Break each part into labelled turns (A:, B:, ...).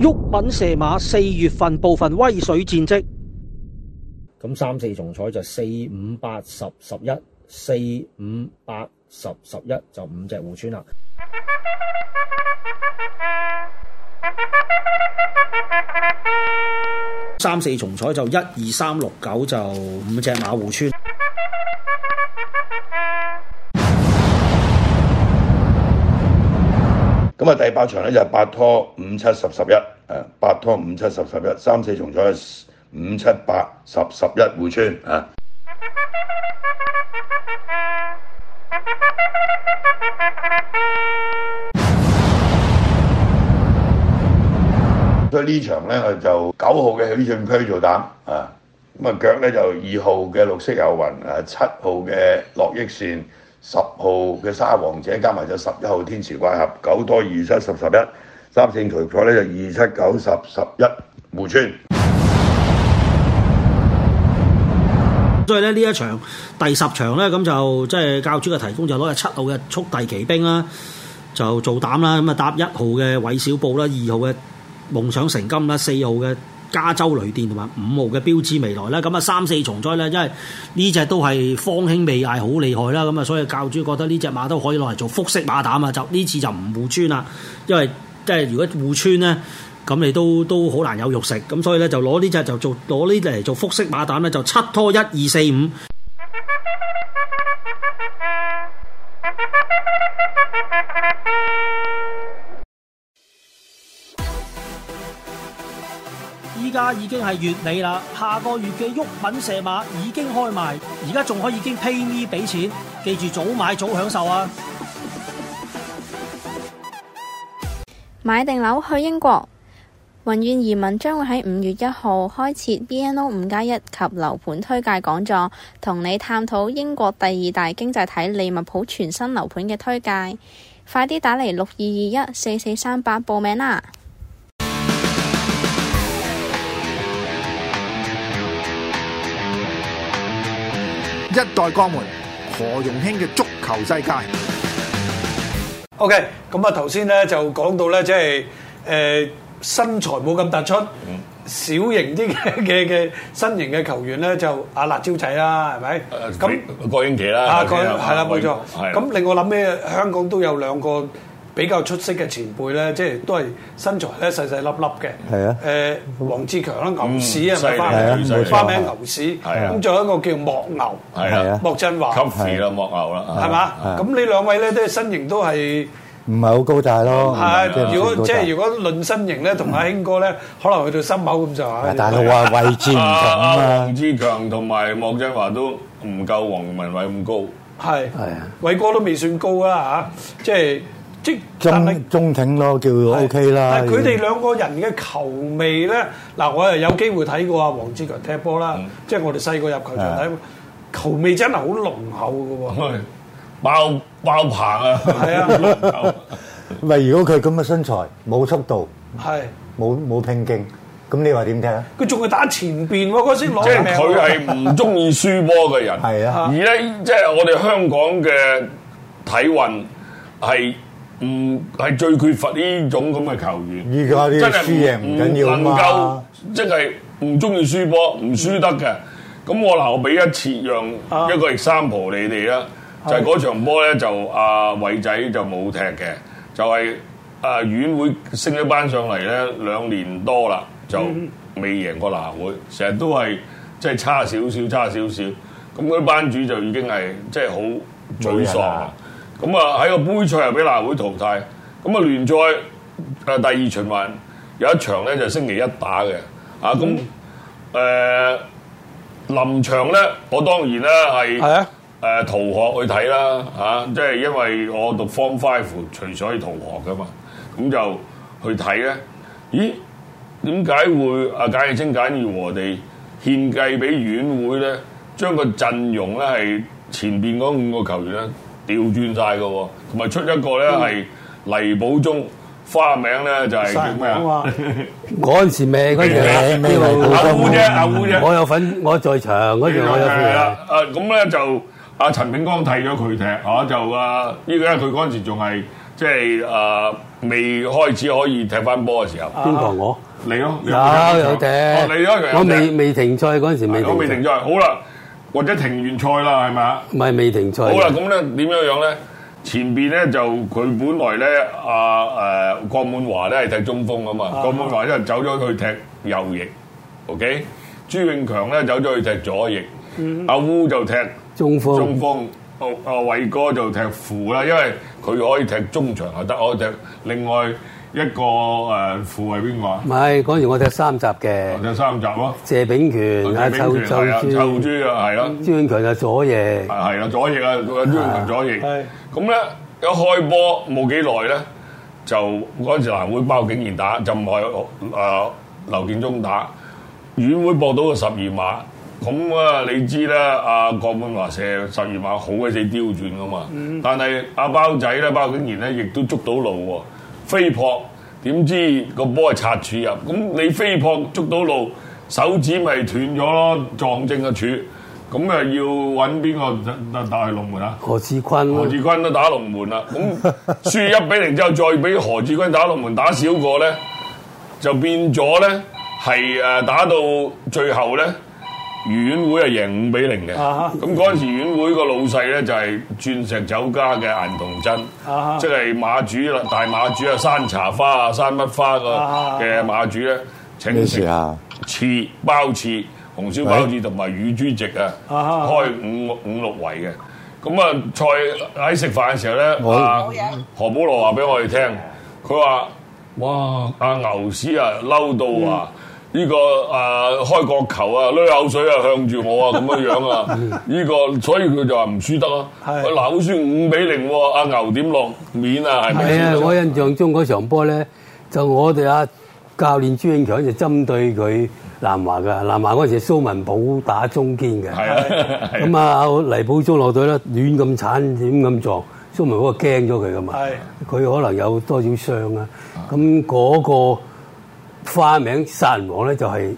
A: 玉品射馬四月份部分威水戰績，咁三四重彩就四五八十十一，四五八十十一就五隻互穿啦。三四重彩就一二三六九就五隻馬互穿。
B: 咁啊，第八場
C: 咧就八拖五七十十一，誒八拖五七十十一，三四重彩五七八十十一互村啊。所以呢場咧我就九號嘅許進區做膽啊，咁啊腳咧就二號嘅綠色有雲啊，七號嘅樂益線。十號嘅沙皇者加埋就十一號天池怪俠，九多二七十十
B: 一三線除錯呢就二七九十十一無穿。村
A: 所以呢，呢一場第十場呢，咁就即係、就是、教主嘅提供就攞日七號嘅速遞奇兵啦，就做膽啦，咁啊搭一號嘅韋小布啦，二號嘅夢想成金啦，四號嘅。加州雷電同埋五號嘅標誌未來啦。咁啊三四重災咧，因為呢隻都係方興未艾厲，好厲害啦，咁啊所以教主覺得呢隻馬都可以攞嚟做復式馬膽啊，就呢次就唔互穿啦，因為即係如果互穿咧，咁你都都好難有肉食，咁所以咧就攞呢隻就做攞呢隻嚟做復式馬膽咧，就七拖一二四五。家已經係月尾啦，下個月嘅沃品射馬已經開賣，而家仲可以經 pay me 俾錢，記住早買早享受啊！買定樓去英國，雲燕移民將會喺五月一號開設 BNO 五加一及樓盤推介講座，同你探討英國第二大經濟體利物浦全新樓盤嘅推介，快啲打嚟六二二一四四三八報名啦！
D: 一代鋼門何容興嘅足球世界。
B: OK，咁啊頭先咧就講到咧即係誒身材冇咁突出，小型啲嘅嘅身形嘅球員咧就阿辣椒仔啦，係咪？咁
C: 郭英傑啦，啊郭英係啦冇錯。咁
B: 令我諗起，香港都有兩個。比較出色嘅前輩咧，即係都係身材咧細細粒粒嘅。係啊，誒黃志強啦，牛屎係咪翻嚟？花名牛屎。咁仲有一個叫莫牛。係啊，莫振華。級肥啦，莫
D: 牛啦。係嘛？咁
B: 呢兩位咧都係身形都係唔
D: 係好高大咯？係，如果即係如
B: 果論身形咧，同阿興哥咧，可能去到心口咁就。但係話位置唔同啦。黃
C: 志強同埋莫振華都唔夠黃文偉咁高。係係
B: 啊，偉哥都未算高啦嚇，即係。
D: 即係，但中挺咯，叫 O K 啦。佢哋
B: 兩個人嘅球味咧，嗱，我又有機會睇過啊，黃志強踢波啦，即係我哋細個入球場睇，球味真係好濃厚㗎喎，爆爆棚啊！係啊，
D: 喂，如果佢咁嘅身材，冇速度，係冇冇拼勁，咁你話點踢啊？
C: 佢仲係打前邊，佢先攞命。即係佢係唔中意輸波嘅人。係啊，而咧，即係我哋香港嘅體運係。唔係最缺乏呢種咁嘅球員，依家啲輸贏唔緊要嘛，即係唔中意輸波，唔輸得嘅。咁、嗯、我嗱，我俾一次讓一個係三婆你哋啦、啊，就係嗰場波咧就阿偉仔就冇踢嘅，就係、是、啊院會升咗班上嚟咧，兩年多啦就未贏過嗱會，成日、嗯、都係即係差少少，差少少。咁嗰啲班主就已經係即係好沮喪。咁啊喺個杯賽又俾男會淘汰，咁啊聯賽誒第二循環有一場咧就星期一打嘅，嗯、啊咁誒臨場咧我當然咧係誒逃學去睇啦嚇，即係因為我讀 Form Five 除咗去逃學噶嘛，咁就去睇咧，咦點解會阿簡義清簡義和地獻計俾院會咧，將個陣容咧係前邊嗰五個球員咧？調轉晒噶，同埋出一個咧係黎寶忠花名咧就係叫咩啊？嗰
E: 陣時未嗰隻咩？阿姑啫，阿姑啫。我有份，我在場嗰陣時我有啦。
C: 啊，咁咧就阿陳炳光替咗佢踢，吓就啊，呢個咧佢嗰陣時仲係即係啊未開始可以踢翻波嘅時候。邊個我？你咯。有有踢。我未
E: 未停賽嗰陣時未停。我未停
C: 賽，好啦。或者停完賽啦，係咪啊？
E: 唔係未停賽。好啦，咁
C: 咧點樣樣咧？前邊咧就佢本來咧阿誒郭滿華咧係踢中鋒啊嘛、呃，郭滿華咧走咗去踢右翼，OK？、嗯、朱永強咧走咗去踢左翼，嗯、阿烏就踢中鋒，中鋒，阿阿偉哥就踢副啦，因為佢可以踢中場就得，我可踢另外。一個誒副係
E: 邊個啊？唔係嗰陣時我睇三集嘅，睇三集咯。謝炳權、
C: 阿臭臭豬，臭豬啊，係咯，
E: 朱永強就左翼，
C: 係啦，左翼啊，朱永強左翼。咁咧一開波冇幾耐咧，就嗰陣時藍會包景賢打，就唔係誒劉建忠打。遠會播到個十二碼，咁啊你知啦、啊，阿郭文華射十二碼好鬼死刁轉噶嘛。嗯嗯、但係阿包仔咧，包景賢咧亦都捉到路喎。飛撲點知個波係擦柱入？咁你飛撲捉到路，手指咪斷咗咯？撞正個柱，咁啊要揾邊個打打，打去龍門啊？何志坤咯、啊，何志坤都打龍門啦。咁輸一比零之後， 再俾何志坤打龍門打少個咧，就變咗咧係誒打到最後咧。愉園會係贏五比零嘅，咁嗰陣時園會個老細咧就係鑽石酒家嘅顏同珍，即係馬主啦，大馬主啊，山茶花啊，山乜花個嘅馬主咧，請食啊，翅鮑翅、紅燒鮑翅同埋乳豬席啊，開五五六圍嘅，咁啊，菜喺食飯嘅時候咧，阿何寶羅話俾我哋聽，佢話：哇，阿牛屎啊，嬲到啊。呢個誒開角球啊，攞口水啊向住我啊咁樣樣啊，呢個所以佢就話唔輸得啊。我南烏輸五比零喎，阿牛點落面啊？係咪？係啊！我
E: 印象中嗰場波咧，就我哋啊，教練朱永強就針對佢南華噶。南華嗰陣時蘇文寶打中堅嘅，咁啊黎寶中落隊啦，亂咁鏟，點咁撞蘇文寶啊驚咗佢噶嘛？係佢可能有多少傷啊？咁嗰個。花名殺人王咧就係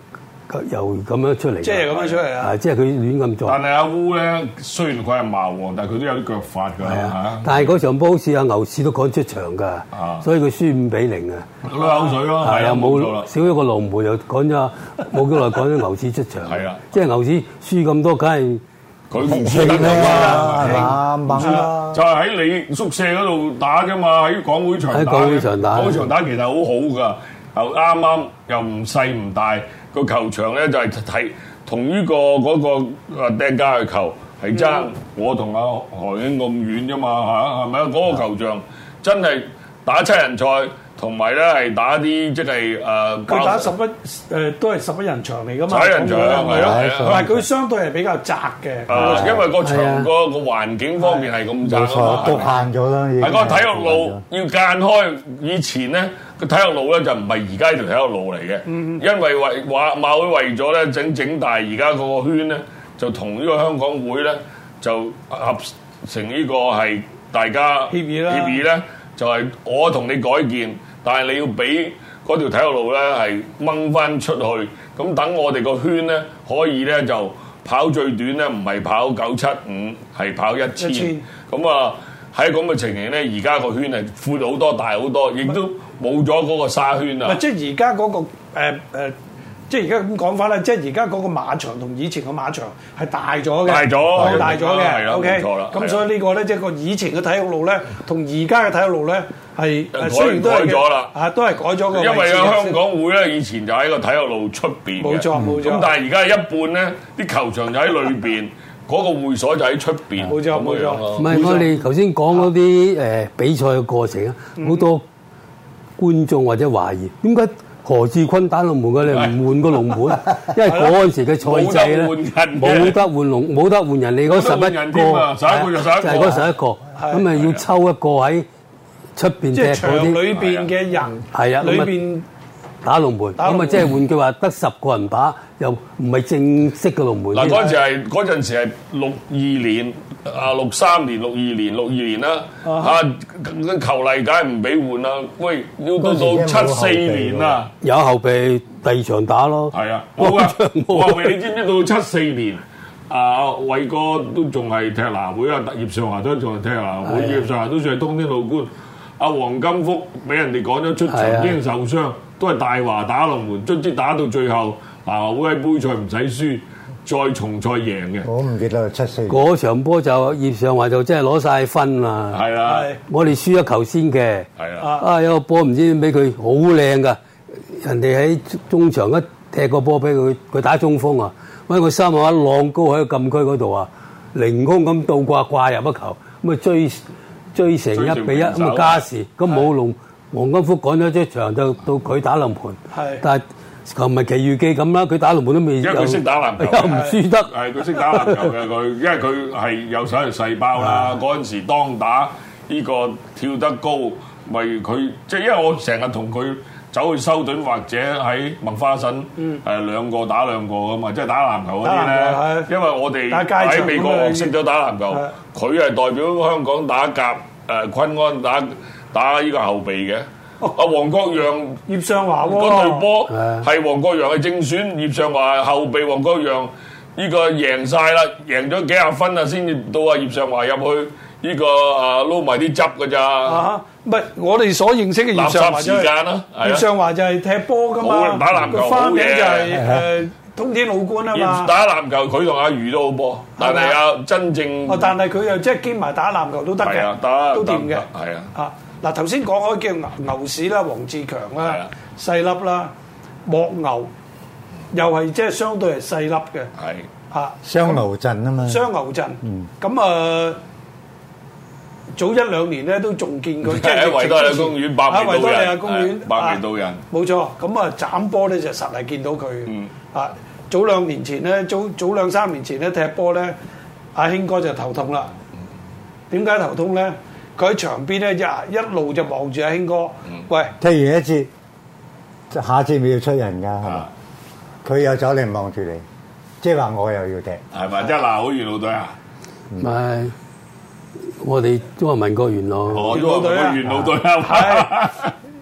E: 又咁樣出嚟，即係咁樣出嚟啊！即係佢亂咁做。但係阿
C: 烏咧，雖然佢係馬王，但係佢都有啲腳法㗎。係啊，但
E: 係嗰場波好似阿牛屎都趕出場㗎，所以佢輸五比零啊！
C: 口水咯，係啊，冇
E: 少咗個龍門又趕咗，冇幾耐趕咗牛屎出場。係啊，即係牛屎輸咁多，梗係佢唔輸緊猛啦，
C: 就喺你宿舍嗰度打啫嘛，喺港會場打嘅。港會場打，港會場打其實好好㗎。剛剛又啱啱又唔細唔大個球場咧，就係睇同呢個嗰個阿掟家嘅球係爭我同阿何英咁遠啫嘛嚇，係咪啊？嗰、嗰個球場真係打七人賽。同埋咧係打啲即係誒，佢打十一
B: 誒都係十一人場嚟㗎嘛，十一人場係
C: 咯，但係佢相對係比較窄嘅，因為個場個個環境方面係咁窄，侷
D: 限咗啦。係個體育路
C: 要間開，以前咧個體育路咧就唔係而家呢條體育路嚟嘅，因為為話馬會為咗咧整整大而家嗰個圈咧，就同呢個香港會咧就合成呢個係大家協議啦，協議咧就係我同你改建。但係你要俾嗰條體育路咧係掹翻出去，咁等我哋個圈咧可以咧就跑最短咧，唔係跑九七五，係跑一千，一千寸，咁啊喺咁嘅情形咧，而家個圈係闊好多、大好多，亦都冇咗嗰個沙圈啊！即係
B: 而家嗰個誒、呃呃即係而家咁講法啦，即係而家嗰個馬場同以前個馬場係大咗嘅，大咗，大咗嘅，OK，唔錯啦。咁所以呢個咧，即係個以前嘅體育路咧，同而家嘅體育路咧係，雖然都改咗啦，啊，都係改咗個。因為香港
C: 會咧以前就喺個體育路出邊，冇錯冇錯。咁但係而家一半咧，啲球場就喺裏邊，嗰個會所就喺出邊。冇錯冇錯。唔係我哋
E: 頭先講嗰啲誒比賽嘅過程啊，好多觀眾或者懷疑，點解？何志坤打龍門嘅，你唔換個龍門？因為嗰陣時嘅賽制咧，冇得換龍，冇得換人，你嗰十一個就係嗰十一個，咁咪要抽一個喺出邊踢嗰啲。即係場裏
B: 邊嘅人，
E: 係啊，裏邊。打龍門咁啊！打即係換句話，得十個人打，又唔係正式嘅龍門。嗱，嗰陣時係
C: 嗰陣時係六二年啊，六三年、六二年、六二年啦。啊，球例梗係唔俾換啦。喂，要到到七四年啊，
E: 有後備第二場打咯。係啊，冇噶，冇
C: 後備，你知唔知到七四年啊？偉哥都仲係踢南華啊！特葉尚華都仲係踢南華，葉尚華都仲係通天老倌。阿黃金福俾人哋講咗出曾經受傷。都係大華打龍門，卒之打到最後，啊會係杯賽唔使輸，再重賽贏嘅。
E: 我唔記得七四。嗰場波就葉尚華就真係攞晒分啦。係啦、啊，我哋輸一球先嘅。係啦、啊，啊有個波唔知點俾佢好靚㗎，人哋喺中場一踢個波俾佢，佢打中鋒啊，揾個三號一浪高喺禁區嗰度啊，凌空咁倒掛掛入一球，咁啊追追成一比一咁啊加時，咁冇龍。王金福趕咗一場就到佢打籃盤，的但係唔日《奇遇記》咁啦，佢打籃盤都未。因家佢先打籃球，的又唔輸得。係
C: 佢先打籃球嘅佢， 因為佢係有手係細包啦。嗰陣的時當打呢、這個跳得高，咪佢即係因為我成日同佢走去收隊，或者喺文化新誒、嗯、兩個打兩個噶嘛，即、就、係、是、打籃球嗰啲咧。因為我哋喺美國識咗打籃球，佢係的的代表香港打甲誒、呃，坤安，安打。打呢個後備嘅，阿黃國陽、葉尚華嗰隊波係黃國陽嘅正選，葉尚華後備，黃國陽呢個贏晒啦，贏咗幾廿分啊，先至到阿葉尚華入去呢個啊撈埋啲汁噶咋？啊，
B: 唔係我哋所認識嘅垃圾時間囉。葉尚華就係踢波噶嘛，打籃球花名就係誒
C: 通天老官啊嘛。打籃球佢同阿余都好波，但係啊
B: 真正，但係佢又即係兼埋打籃球都得嘅，都掂嘅，係啊。嗱，頭先講開叫牛屎啦，黃志強啦，細粒啦，莫牛又係即係相對係細粒嘅，
D: 係。雙牛陣啊嘛。雙牛陣，
B: 咁啊早一兩年咧都仲見佢，即係維多利亞公園，啊，維多利亞公園，百面道人，冇錯。咁啊，斬波咧就實係見到佢，啊，早兩年前咧，早早兩三年前咧踢波咧，阿興哥就頭痛啦。點解頭痛咧？佢喺場邊咧，一一路就望住阿興哥。喂，
D: 踢完一次，下一次咪要出人噶。佢又走嚟望住你，即係話我又要踢，
C: 係咪？即係嗱，好元老隊啊，
D: 唔係，我哋都係問過元老。元老隊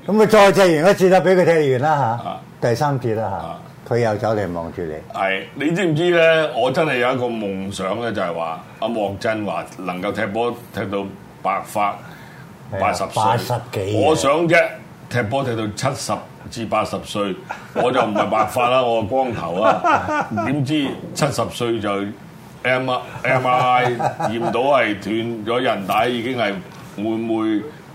D: 咁咪再踢完一次啦，俾佢踢完啦嚇。第三次啦嚇，佢又走嚟望住
C: 你。係，你知唔知咧？我真係有一個夢想咧，就係話阿莫振華能夠踢波踢到。白發
A: 八十歲，我
C: 想啫踢波踢到七十至八十歲，我就唔係白髮啦， 我光頭啊！點知七十歲就 M, MRI 驗到係斷咗韌帶，已經係會唔會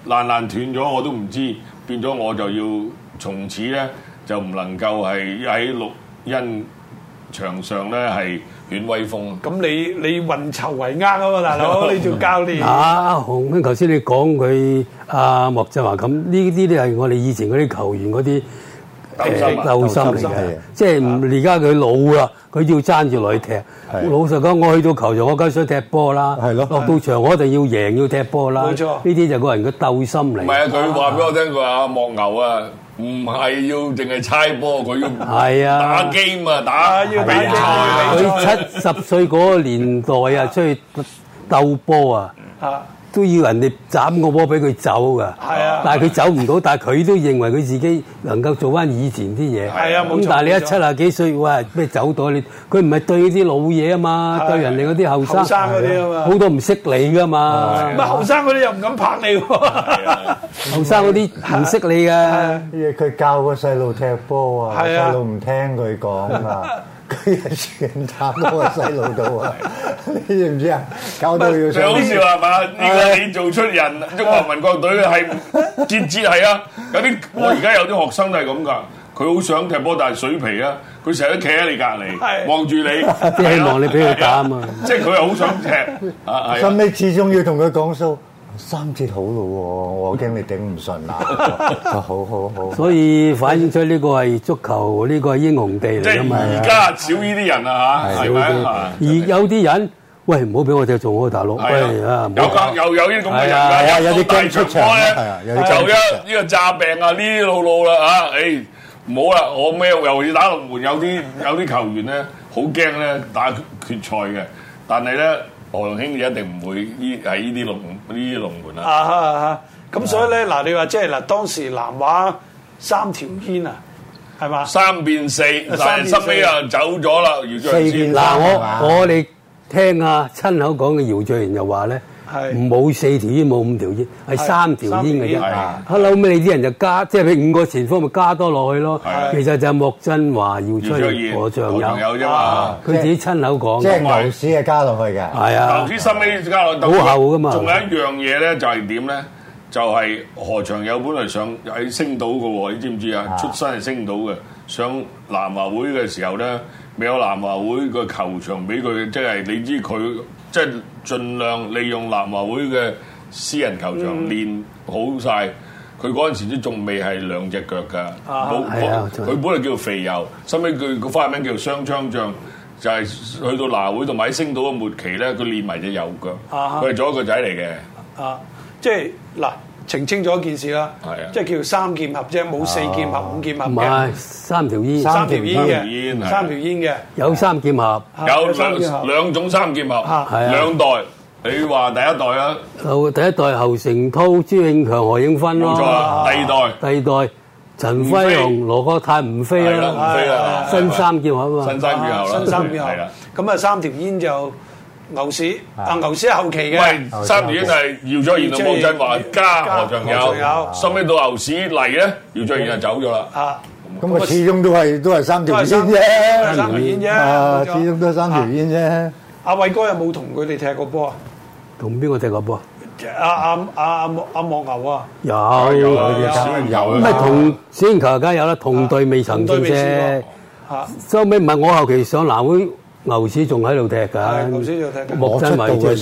C: 爛爛斷咗，我都唔知，變咗我就要從此咧就唔能夠係喺綠茵場上咧係。遠威風，咁你你運籌帷幄啊嘛，大佬，你做教練
E: 啊？洪哥，頭先你講佢阿莫振華咁，呢啲咧係我哋以前嗰啲球員嗰啲鬥心，鬥心嚟嘅。即係而家佢老啦，佢要爭住落去踢。老實講，我去到球場，我梗係想踢波啦，係咯。落到場，我一定要贏，要踢波啦。冇錯，呢啲就個人嘅鬥心嚟。唔係啊，
C: 佢話俾我聽，佢話莫牛啊。唔係要淨係猜波，佢要打機啊！打呢個比賽，
E: 佢七十歲嗰個年代啊， 出去鬥波啊！啊！ 都要人哋斬個波俾佢走噶，但係佢走唔到，但係佢都認為佢自己能夠做翻以前啲嘢。咁但係你一七啊幾歲哇？咩走到？你佢唔係對啲老嘢啊嘛，對人哋嗰啲後生嗰啲啊嘛，好多唔識你噶嘛。
B: 咁後生嗰啲又唔敢拍你喎，
D: 後生嗰啲唔識你㗎。佢教個細路踢波啊，細路唔聽佢講啊。佢係 全打波嘅細路你知唔知啊？搞到要上。最 好笑係嘛？
C: 如果你做出人，中國民國隊係節節係啊！有啲我而家有啲學生都係咁㗎。佢好想踢波，但係水皮啦。佢成日都企喺你隔籬，望住你， 希望你俾佢打嘛。 即係佢係好想踢，收
D: 尾 始終要同佢講數。三節好咯，我驚你頂唔順啊！ 好好好，好好，
C: 所
E: 以反映出呢個係足球，呢個係英雄地嚟，而家
C: 少呢啲人啦吓，係啊？
E: 而有啲人喂，唔好俾我哋做我大佬。喂
C: 啊，有有有啲咁嘅人，係你啊，有啲驚出錯咧。就一呢個詐病啊，呢啲老老啦啊！誒，唔好啦，我咩又要打龍門？有啲有啲球員咧，好驚咧打決賽嘅，但係咧。何容興就一定唔會依喺呢啲龍呢啲龍門
B: 啦、啊。啊啊啊！咁、啊、所以咧，嗱、啊、你話即係嗱當時南華
C: 三條煙啊，係嘛、啊？吧三變四，是但係後尾啊走咗啦。四變三。嗱吧我我
E: 哋聽啊親口講嘅姚聚賢就話咧。唔，冇四條煙冇五條煙，係三條煙嘅啫。Hello 咩、啊？你啲人就加，即係佢五個前方咪加多落去咯。啊、其實就莫振話要出現何長友
C: 有啫嘛。佢、啊、自己
E: 親口講、啊，即係牛屎係加落去嘅。係啊，牛屎
C: 收尾加落去，好厚噶嘛。仲、啊、有一樣嘢咧，就係點咧？就係何長友本來想喺升島嘅喎，你知唔知啊？出身係升島嘅，上南華會嘅時候咧，未有南華會個球場俾佢，即係你知佢。即係盡量利用南華會嘅私人球場、嗯、練好晒。佢嗰陣時都仲未係兩隻腳㗎，佢、uh huh. 本嚟叫做肥油，收尾佢個花名叫雙槍將，就係、是、去到南華會同埋星島嘅末期咧，佢練埋隻右腳，佢係、uh huh. 左腳仔嚟嘅、
B: uh huh. 啊，即係嗱。澄清咗一件事啦，即係叫三劍俠啫，冇四劍俠、五劍俠嘅。
E: 唔係三條煙，三條煙嘅，三條煙嘅。有三劍俠，有兩
C: 兩種三劍俠，兩代。你話第一代啊，
E: 第一代侯成濤、朱永強、何英芬咯。第二代，第二代陳輝雄、羅國泰、吳飛啦。新三劍俠嘛，新三劍俠啦，係
B: 啦。咁啊，三條煙就。牛屎啊，牛屎係後期嘅。唔係三條煙係姚卓然同黃振華加、何祥友。
C: 收尾到牛屎嚟咧，姚卓然就走咗
B: 啦。啊，咁啊始
D: 終都係都係三條煙啫，三條煙啫，始終都係三條煙啫。
B: 阿偉哥有冇同佢哋踢過波啊？
D: 同邊個踢過波
B: 啊？阿阿阿阿阿莫牛啊？
E: 有有有。唔係同先球而家有啦，同對未曾對啫。
B: 嚇，
E: 收尾唔係我後期上南會。牛市仲喺度踢
B: 㗎，
E: 我出埋嚟就牛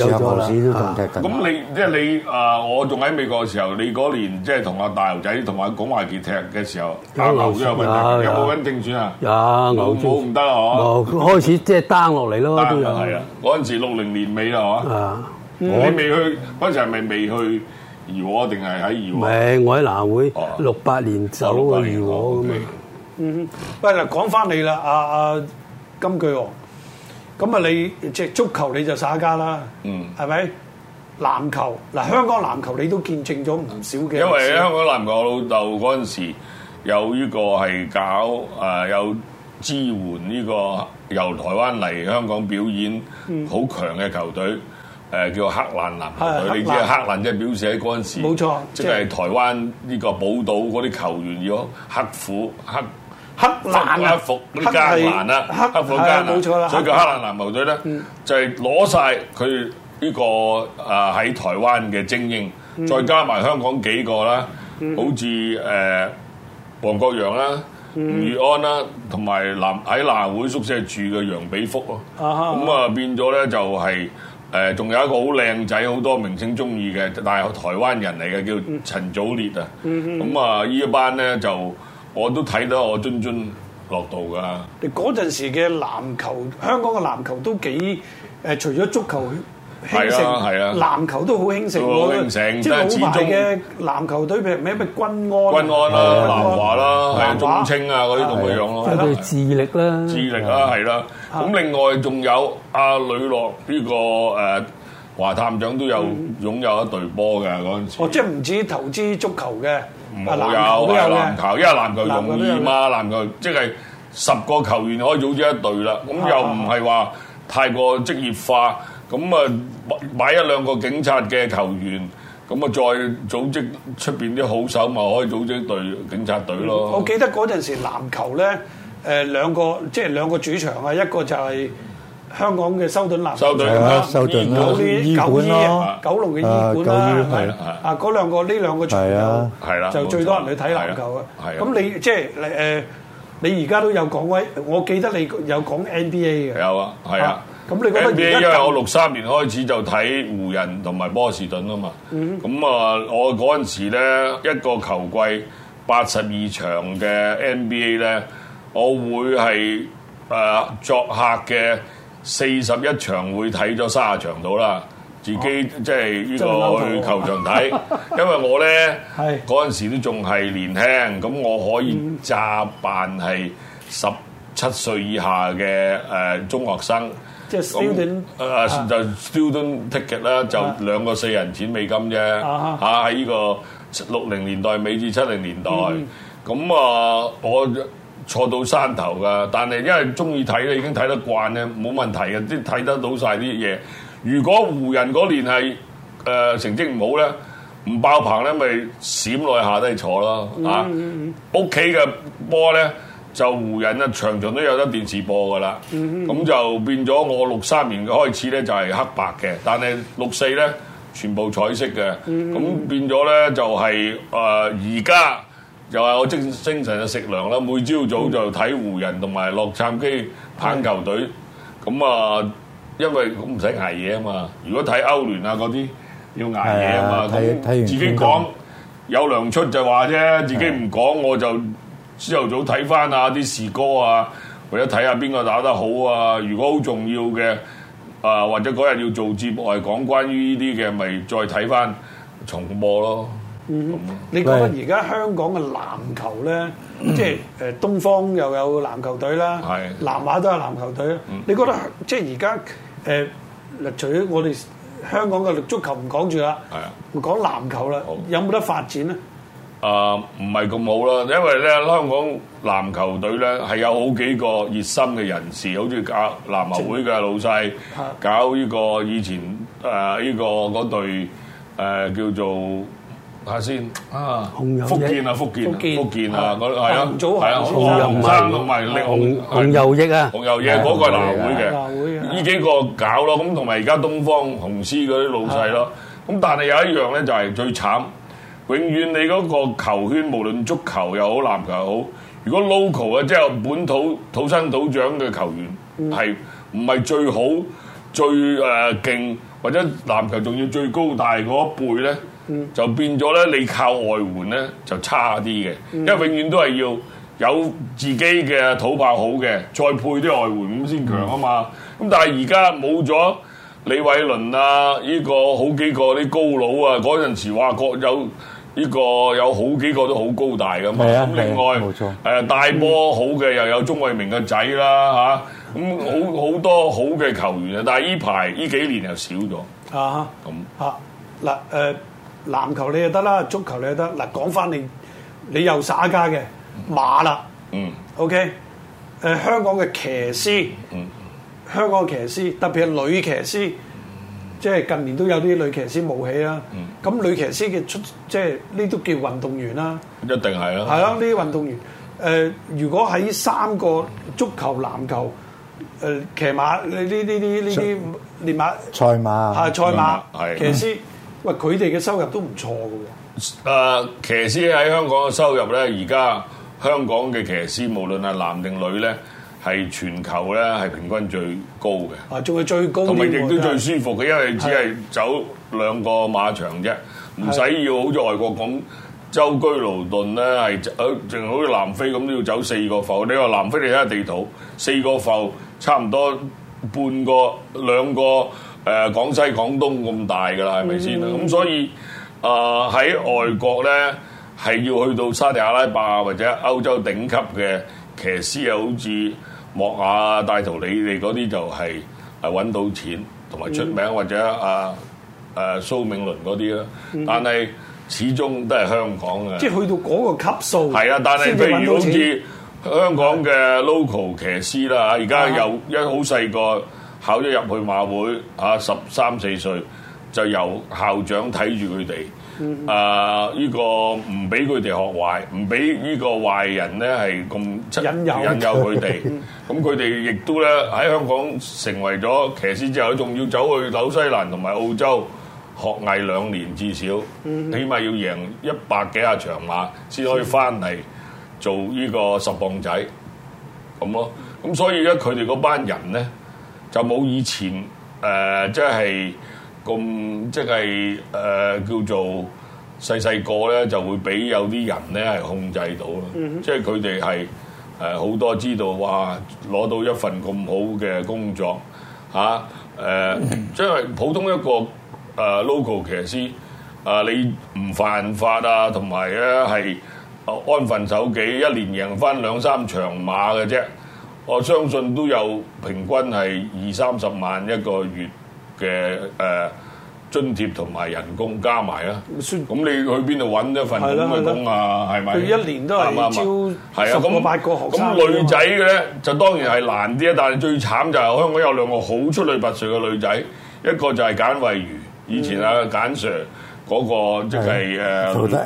E: 市都仲踢緊。咁
C: 你即係你啊？我仲喺美國嘅時候，你嗰年即係同阿大牛仔同埋港華傑踢嘅時候，大牛都有問題，有冇揾正選啊？
E: 有冇唔得啊？開始即係 down 落嚟咯，係啊！嗰陣
C: 時六零年尾啦，嚇！你未去嗰陣時係咪未去怡和定係喺怡和？唔係，
E: 我喺南匯六八年走嘅
D: 怡和咁啊！嗯
C: 哼，喂，嗱，講翻你啦，阿阿金句。
B: 咁啊，你即係足球你就耍家啦，嗯，係咪？籃球嗱，香港籃球你都見證咗唔少嘅，因為香港
C: 籃球我老豆嗰陣時有呢個係搞誒、呃、有支援呢個由台灣嚟香港表演好強嘅球隊，誒、嗯呃、叫克難籃球隊，你知克難即係表示喺嗰陣時，冇錯，即係台灣呢個寶島嗰啲球員果刻苦黑。是是黑藍啊，服黑衣藍啊，黑服藍啊，所以叫黑藍男模隊咧，就係攞曬佢呢個啊喺台灣嘅精英，再加埋香港幾個啦，好似誒黃國揚啦、吳宇安啦，同埋南喺南會宿舍住嘅楊比福咯，咁啊變咗咧就係誒，仲有一個好靚仔，好多明星中意嘅，但係台灣人嚟嘅，叫陳祖烈啊，咁啊呢一班咧就。我都睇得我津津樂道噶。嗰陣時嘅籃球，香
B: 港嘅籃球都幾誒，除咗足球
C: 興盛，係啊係啊，籃
B: 球都好興盛喎。唔成，即係老牌嘅籃球隊，譬如咩咩軍安、軍安啦、南華啦、係啊、中青啊嗰啲咁嘅樣咯。對
C: 智力啦，智力啦，係啦。咁另外仲有阿呂樂呢個誒華探長都有擁有一隊波嘅嗰陣時。哦，即係唔止投資足球嘅。冇有啊！籃球，是籃球因為籃球容易嘛，籃球，籃球即係十個球員可以組織一隊啦。咁、啊、又唔係話太過職業化，咁啊買一兩個警察嘅球員，咁啊再組織出面啲好手咪可以組織一隊警察隊咯。我
B: 記得嗰陣時籃球咧，誒、呃、兩個即係兩個主場啊，一個就係、係。香港嘅修頓籃球啊，然後嗰啲伊館咯，九龍嘅伊館啦，啊嗰兩個呢兩
D: 個場啊，就最多人去睇籃球啊。咁
B: 你即係誒，你而家都有講喂，我記得你有講 NBA 嘅，有啊，
C: 係啊。咁你覺得 NBA 因為我六三年開始就睇湖人同埋波士頓啊嘛。咁啊，我嗰陣時咧一個球季八十二場嘅 NBA 咧，我會係誒作客嘅。四十一場會睇咗卅場到啦，自己即係呢個去球場睇，因為我咧嗰陣時都仲係年輕，咁我可以假扮係十七歲以下嘅誒中學生，嗯、即係 student 誒就 student ticket 啦，就兩個四人錢美金啫，嚇喺呢個六零年代尾至七零年代，咁啊、嗯、我。坐到山頭噶，但係因為中意睇咧，已經睇得慣咧，冇問題嘅，啲睇得到晒啲嘢。如果湖人嗰年係誒、呃、成績唔好咧，唔爆棚咧，咪閃落下低坐咯，嚇、嗯嗯嗯！屋企嘅波咧就湖人啊，場場都有得電視播噶啦。咁、嗯嗯嗯、就變咗我六三年嘅開始咧就係、是、黑白嘅，但係六四咧全部彩色嘅。咁、嗯嗯嗯、變咗咧就係誒而家。呃就係我精精神嘅食糧啦，每朝早就睇湖人同埋洛杉磯棒球隊，咁、嗯、啊，因為唔使捱夜啊嘛。如果睇歐聯啊嗰啲，要捱夜啊嘛。咁、哎、自己講有糧出就話啫，自己唔講、嗯、我就朝頭早睇翻啊啲時歌啊，或者睇下邊個打得好啊。如果好重要嘅啊，或者嗰日要做節目係講關於呢啲嘅，咪再睇翻重播咯。
B: 嗯，你覺得而家香港嘅籃球咧，嗯、即係誒東方又有籃球隊啦，的南華都有籃球隊。嗯、你覺得即係而家誒，除咗我哋香港嘅足球唔講住啦，講的籃
C: 球啦，的有冇得發展咧？啊、呃，唔係咁好啦，因為咧香港籃球隊咧係有好幾個熱心嘅人士，好似搞籃球會嘅老細，正啊、搞呢個以前誒依、呃呢個嗰隊、那個那個呃、叫做，叫做睇下先啊！福建啊，福建，福建啊，嗰啲係啊，係啊，洪生同埋力洪洪友益啊，洪友益嗰個南會嘅，呢幾個搞咯，咁同埋而家東方雄獅嗰啲老細咯，咁但係有一樣咧，就係最慘，永遠你嗰個球圈，無論足球又好籃球又好，如果 local 啊，即係本土土生土長嘅球員，係唔係最好、最誒勁，或者籃球仲要最高大嗰一輩咧？就變咗咧，你靠外援咧就差啲嘅，因為永遠都係要有自己嘅土炮好嘅，再配啲外援咁先強啊嘛。咁但係而家冇咗李偉倫啊，呢個好幾個啲高佬啊，嗰陣時話各有呢個有好幾個都好高大噶嘛。另外冇錯，誒大波好嘅又有鍾慧明嘅仔啦嚇，咁好好多好嘅球員啊，但係依排呢幾年又少咗啊
B: 咁嚇嗱誒。籃球你又得啦，足球你又得，嗱講翻你，你又耍家嘅、嗯、馬啦了，嗯，OK，誒香港嘅騎師，香港騎師、嗯，特別係女騎師，即係近年都有啲女騎師冒起啦，咁、嗯、女騎師嘅出，即係呢都叫運動員啦，
C: 一定係啊，係
B: 咯呢啲運動員，誒、啊呃、如果喺三個足球、籃球、誒、呃、騎馬，你呢呢啲呢啲練馬
D: 賽馬啊，
B: 賽馬，係騎師。是嗯嗯喂，佢哋嘅收入都唔錯嘅喎、啊。誒、
C: uh, 騎師喺香港嘅收入咧，而家香港嘅騎師無論係男定女咧，係全球咧係平均最高嘅。
B: 啊，仲係最高、啊，同埋亦都最舒
C: 服嘅，因為只係走兩個馬場啫，唔使是的 要好似外國咁舟車勞頓咧，係誒，仲好似南非咁都要走四個埠。你話南非，你睇下地圖，四個埠差唔多半個兩個。誒，廣西廣東咁大噶啦，係咪先啦？咁、嗯、所以啊喺、呃、外國咧，係、嗯、要去到沙地阿拉伯或者歐洲頂級嘅騎師，又好似莫亞啊、戴圖理哋嗰啲就係誒揾到錢同埋出名，嗯、或者啊誒、呃、蘇銘倫嗰啲啦。嗯、但係始終都係香港嘅，即係去
B: 到嗰個級數。係啊，但係譬如好似
C: 香港嘅 local 騎師啦，而、啊、家又有好細個。考咗入去馬會，啊十三四歲就由校長睇住佢哋，啊依、嗯呃呢個唔俾佢哋學壞，唔俾呢個壞人咧係咁引誘引誘佢哋。咁佢哋亦都咧喺香港成為咗騎師之後，仲要走去紐西蘭同埋澳洲學藝兩年至少，起碼要贏一百幾廿場馬先可以翻嚟做呢個十磅仔咁咯。咁所以咧，佢哋嗰班人咧。就冇以前誒，即係咁即係誒叫做細細、uh, uh, uh, 個咧，就會俾有啲人咧係控制到咯。即係佢哋係誒好多知道哇，攞到一份咁好嘅工作嚇誒，因、啊、為、uh, 普通一個誒、uh, local 騎師啊，uh, 你唔犯法啊，同埋咧係安分守己，一年贏翻兩三場馬嘅啫。我相信都有平均係二三十萬一個月嘅誒津貼同埋人工加埋啦。咁你去邊度揾一份咁嘅工啊？係咪？佢一年都係招十八個學生。咁女仔嘅就當然係難啲啦，但係最慘就係香港有兩個好出類拔萃嘅女仔，一個就係簡惠如，以前啊簡 Sir 嗰個即係誒徒弟，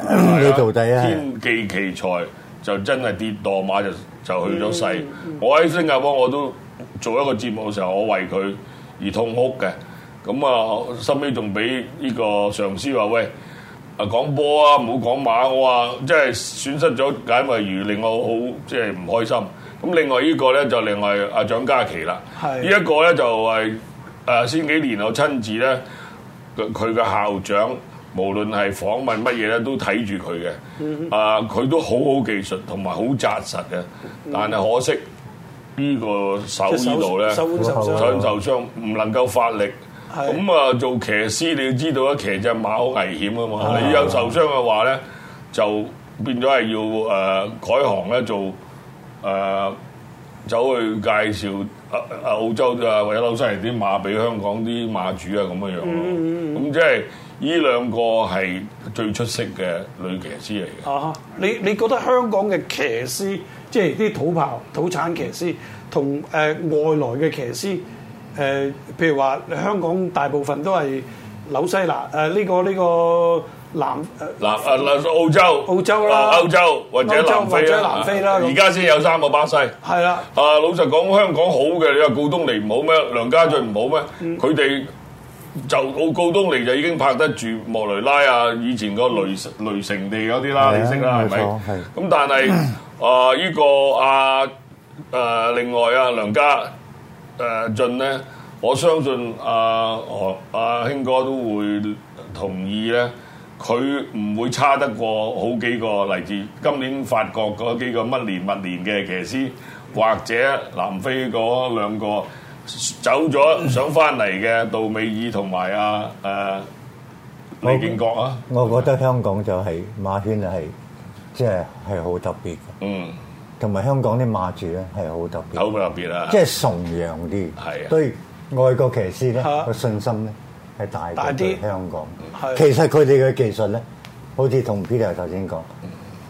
C: 你徒弟啊，天賦奇才。就真係跌墮馬就就去咗世。嗯嗯、我喺新加坡我都做一個節目嘅時候，我為佢而痛哭嘅。咁啊，後尾仲俾呢個上司話：喂、啊，講波啊，唔好講馬、啊。我話即係損失咗解慧如，令我好即係唔開心。咁另外個呢個咧就另外阿蔣嘉琪啦。是的 呢一個咧就係、是、誒、啊、先幾年我親自咧佢佢嘅校長。無論係訪問乜嘢咧，都睇住佢嘅。啊，佢都好好技術同埋好紮實嘅。嗯、哼但係可惜呢個手呢度咧，受想受傷，唔能夠發力。咁啊是、嗯，做騎師你要知道啊，騎隻馬好危險啊嘛。你有、嗯、哼受傷嘅話咧，就變咗係要誒改行咧，做、呃、誒走去介紹啊啊澳洲啊或者紐西蘭啲馬俾香港啲馬主啊咁嘅樣咯。咁即係。嗯哼呢兩個係最出色嘅女騎師嚟嘅。啊，你你覺得香港嘅騎
B: 師，即係啲土炮、土產騎師，同誒、呃、外來嘅騎師，誒、呃、譬如話香港大部分都係紐西蘭，誒、呃、呢、這個呢、這個
C: 南嗱誒嗱澳洲澳洲啦、啊，歐洲或者南非啦，而家先有三個巴西。係啦、嗯。啊的，老實講，香港好嘅，你話告東尼唔好咩？梁家俊唔好咩？佢哋、嗯。就奧高東尼就已經拍得住莫雷拉啊，以前個雷雷城地嗰啲啦，啊、你識啦，係咪錯？咁是但係、嗯呃這個、啊，呢個阿誒，另外啊，梁家誒俊咧，我相信阿阿興哥都會同意咧，佢唔會差得過好幾個嚟自今年法國嗰幾個乜年乜年嘅騎師，或者南非嗰兩個。走咗想翻嚟嘅杜美爾同埋啊，誒、呃、我李建國啊，
D: 我覺得香港就係馬圈就係即係係好特別嘅，嗯，同埋香港啲馬主咧係好特別，好
C: 特別啊，即係
D: 崇洋啲，係，所以外國騎師咧個信心咧係大過香港，係，其實佢哋嘅技術咧，好似同 Peter 頭先講，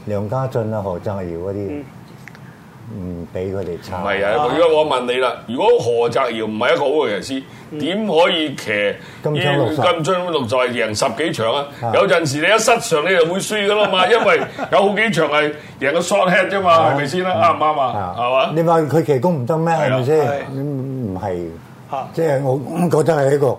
D: 梁家俊啊何振堯嗰啲。唔俾佢哋差。唔係啊！如果
C: 我問你啦，如果何澤堯唔係一個好嘅騎師，點可以騎金鎗六十贏十幾場啊？有陣時你一失常，你就會輸噶啦嘛，因為有好幾場係贏個 short head 啫嘛，係咪先啦？啱唔啱啊？係嘛？
D: 你話佢騎功唔得咩？係咪先？唔係，即係我覺得係一個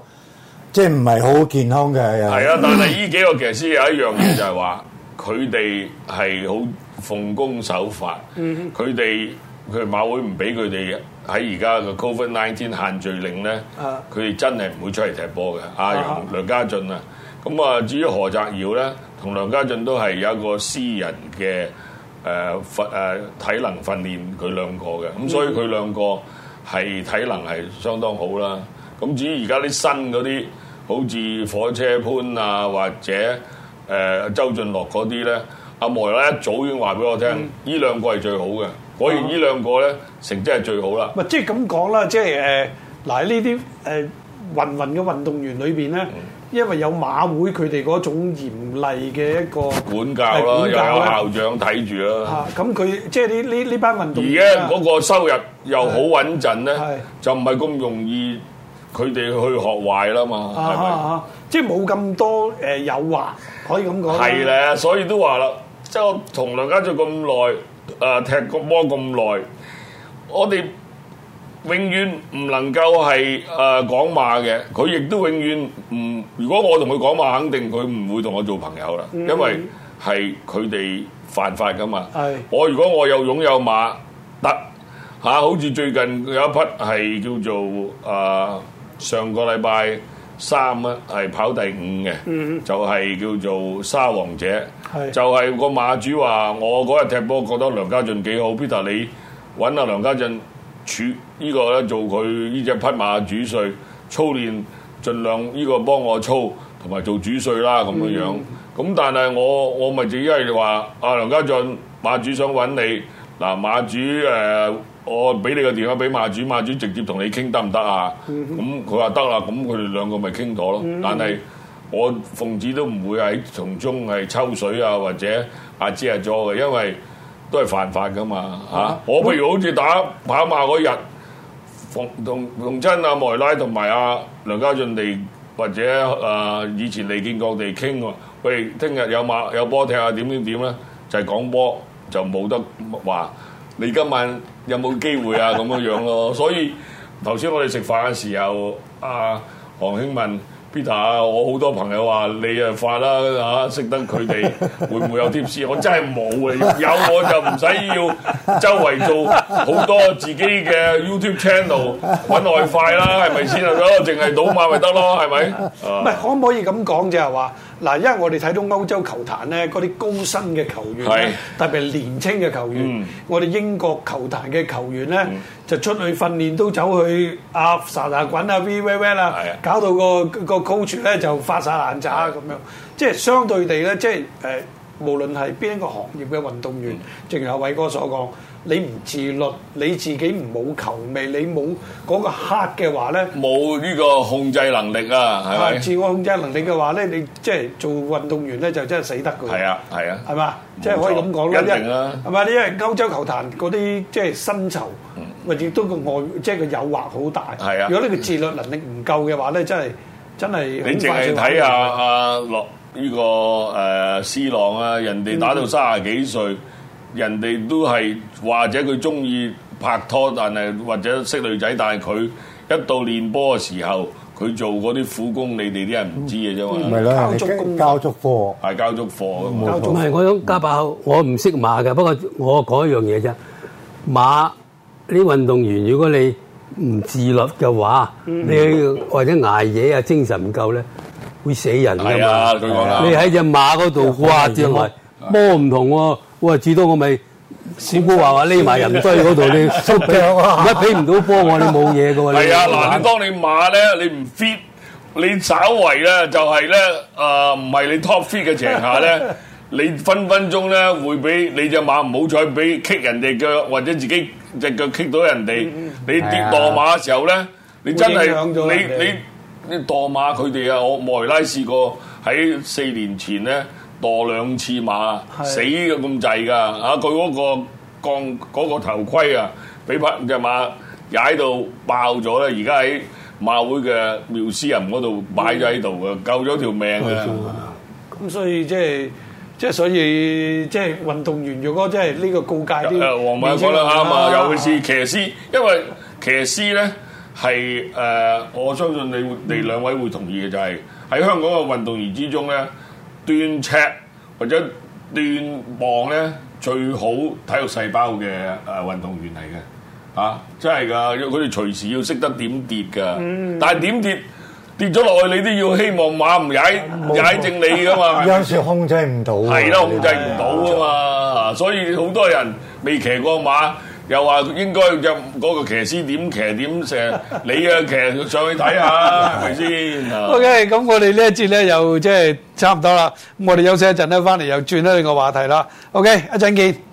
D: 即係唔係好健康嘅。係啊，但係
C: 呢幾個騎師有一樣嘢就係話，佢哋係好。奉公守法，佢哋佢馬會唔俾佢哋喺而家嘅 Covid nineteen 限聚令咧，佢哋、啊、真係唔會出嚟踢波嘅。阿、啊、梁家俊啊，咁啊至於何澤耀咧，同梁家俊都係有一個私人嘅誒訓誒體能訓練佢兩個嘅，咁、嗯、所以佢兩個係體能係相當好啦。咁至於而家啲新嗰啲，好似火車潘啊或者誒、呃、周俊樂嗰啲咧。阿莫啦，一早已經話俾我聽，呢兩個係最好嘅，果然呢兩個咧，成績係最好啦。
B: 咪即係咁講啦，即係誒嗱呢啲誒芸芸嘅運動員裏邊咧，因為有馬會佢哋嗰種嚴厲嘅一個
C: 管教啦，又有校長睇住啦。嚇
B: 咁佢即係呢呢呢班運動員而家嗰
C: 個收入又好穩陣咧，就唔係咁容易佢哋去學壞啦嘛。即係冇咁多誒誘惑，
B: 可以咁講。係咧，
C: 所以都話啦。即係我同梁家俊咁耐，誒、呃、踢個波咁耐，我哋永遠唔能夠係誒、呃、講馬嘅，佢亦都永遠唔。如果我同佢講馬，肯定佢唔會同我做朋友啦，因為係佢哋犯法㗎嘛。嗯、我如果我有擁有馬，得嚇、啊，好似最近有一匹係叫做誒、呃、上個禮拜。三呢，係跑第五嘅，mm hmm. 就係叫做沙王者，是就係個馬主話：我嗰日踢波覺得梁家俊幾好，Peter 你揾阿梁家俊處呢個咧，做佢呢隻匹馬主帥，操練盡量呢個幫我操同埋做主帥啦咁樣樣。咁、mm hmm. 但係我我咪就因為話阿梁家俊馬主想揾你嗱，馬主誒。呃我俾你個電話俾馬主，馬主直接同你傾得唔得啊？咁佢話得啦，咁佢哋兩個咪傾妥咯。嗯嗯，但係我奉旨都唔會喺從中係抽水啊，或者阿支阿咗。嘅，因為都係犯法㗎嘛嚇。啊啊、我不如好似打跑馬嗰日，馮同同親阿莫拉同埋阿梁家俊地，或者誒、呃、以前李建國地傾喎。喂，聽日有馬有波踢下點點點咧？就係、是、講波就冇得話。你今晚有冇機會啊？咁樣樣咯， 所以頭先我哋食飯嘅時候，啊，韓兄問。啊，Peter，我好多朋友話你啊快啦嚇，識得佢哋會唔會有貼士？我真係冇啊，有我就唔使要周圍做好多自己嘅 YouTube channel 揾外快啦，係咪先啊？都淨係賭馬咪得咯，係咪？唔係
B: 可唔可以咁講，就係話嗱，因為我哋睇到歐洲球壇咧，嗰啲高薪嘅球員咧，特別年青嘅球員，我哋英國球壇嘅球員咧。嗯就出去訓練都走去啊，散下滾啊，v v v 啦，搞到個個 coach 咧就發晒爛渣咁樣。即係相對地咧，即係誒，無論係邊一個行業嘅運動員，正如阿偉哥所講，你唔自律，你自己唔冇球味，你冇嗰個黑嘅話咧，
C: 冇呢個控制能力啊。係自
B: 我控制能力嘅話咧，你即係做運動員咧就真係死得㗎。係啊，係啊，係嘛？即係可以咁講啦，因為係嘛？因為歐洲球壇嗰啲即係薪酬。或者都個外即係個誘惑好大，係啊！如果你個自律能力唔夠嘅話咧，真係真係你淨係睇下
C: 阿洛呢個誒，C 朗啊，人哋打到三十幾歲，人哋都係或者佢中意拍拖，但係或者識女仔，但係佢一到練波嘅時候，佢做嗰啲苦工，你哋啲人唔知嘅啫嘛，交足功，交足課，係交足課，冇錯。唔，
E: 我想爆，我唔識馬嘅，不過我講樣嘢啫馬。啲運動員，如果你唔自律嘅話，你或者捱夜啊，精神唔夠咧，會死人㗎嘛！你喺隻馬嗰度掛住嚟，波唔同喎，哇！至多我咪少少話話匿埋人堆嗰度，你縮腳啊，而家俾唔到波我，你冇嘢㗎喎！係啊，嗱，當
C: 你馬咧，你唔 fit，你稍為咧就係咧，誒唔係你 top fit 嘅場合咧，你分分鐘咧會俾你隻馬唔好彩俾踢人哋腳，或者自己。隻腳踢到人哋，你跌墮馬嘅時候咧、嗯，你真係你你你墮馬佢哋啊！我莫雷拉試過喺四年前咧墮兩次馬，的死咗咁滯噶嚇！佢、啊、嗰、那個鋼嗰個頭盔啊，俾匹隻馬踩到爆咗咧，而家喺馬會嘅獵師人嗰度擺咗喺度嘅，嗯、救咗條命咁、嗯嗯
B: 嗯嗯、所以即係。即係所以，即係運動員，如果真係呢個告誡啲、呃，黃文
C: 偉講啦啱啊，尤其是騎師，哦、因為騎師咧係誒，我相信你你兩位會同意嘅、就係，就係喺香港嘅運動員之中咧，斷尺或者斷磅咧最好體育細胞嘅誒運動員嚟嘅嚇，真係㗎，佢哋隨時要識得點跌㗎，嗯、但係點跌？跌咗落去，你都要希望馬唔踩，踩正你噶嘛？ 有
D: 時控制唔到，係啦，控制唔
C: 到啊嘛！哎、呀所以好多人未騎過馬，又話應該入嗰個騎師點騎點成，你啊 騎上去睇下，係咪先？OK，
B: 咁我哋呢一節咧又即係差唔多啦，咁我哋休息一陣咧，翻嚟又轉一另個話題啦。OK，一陣見。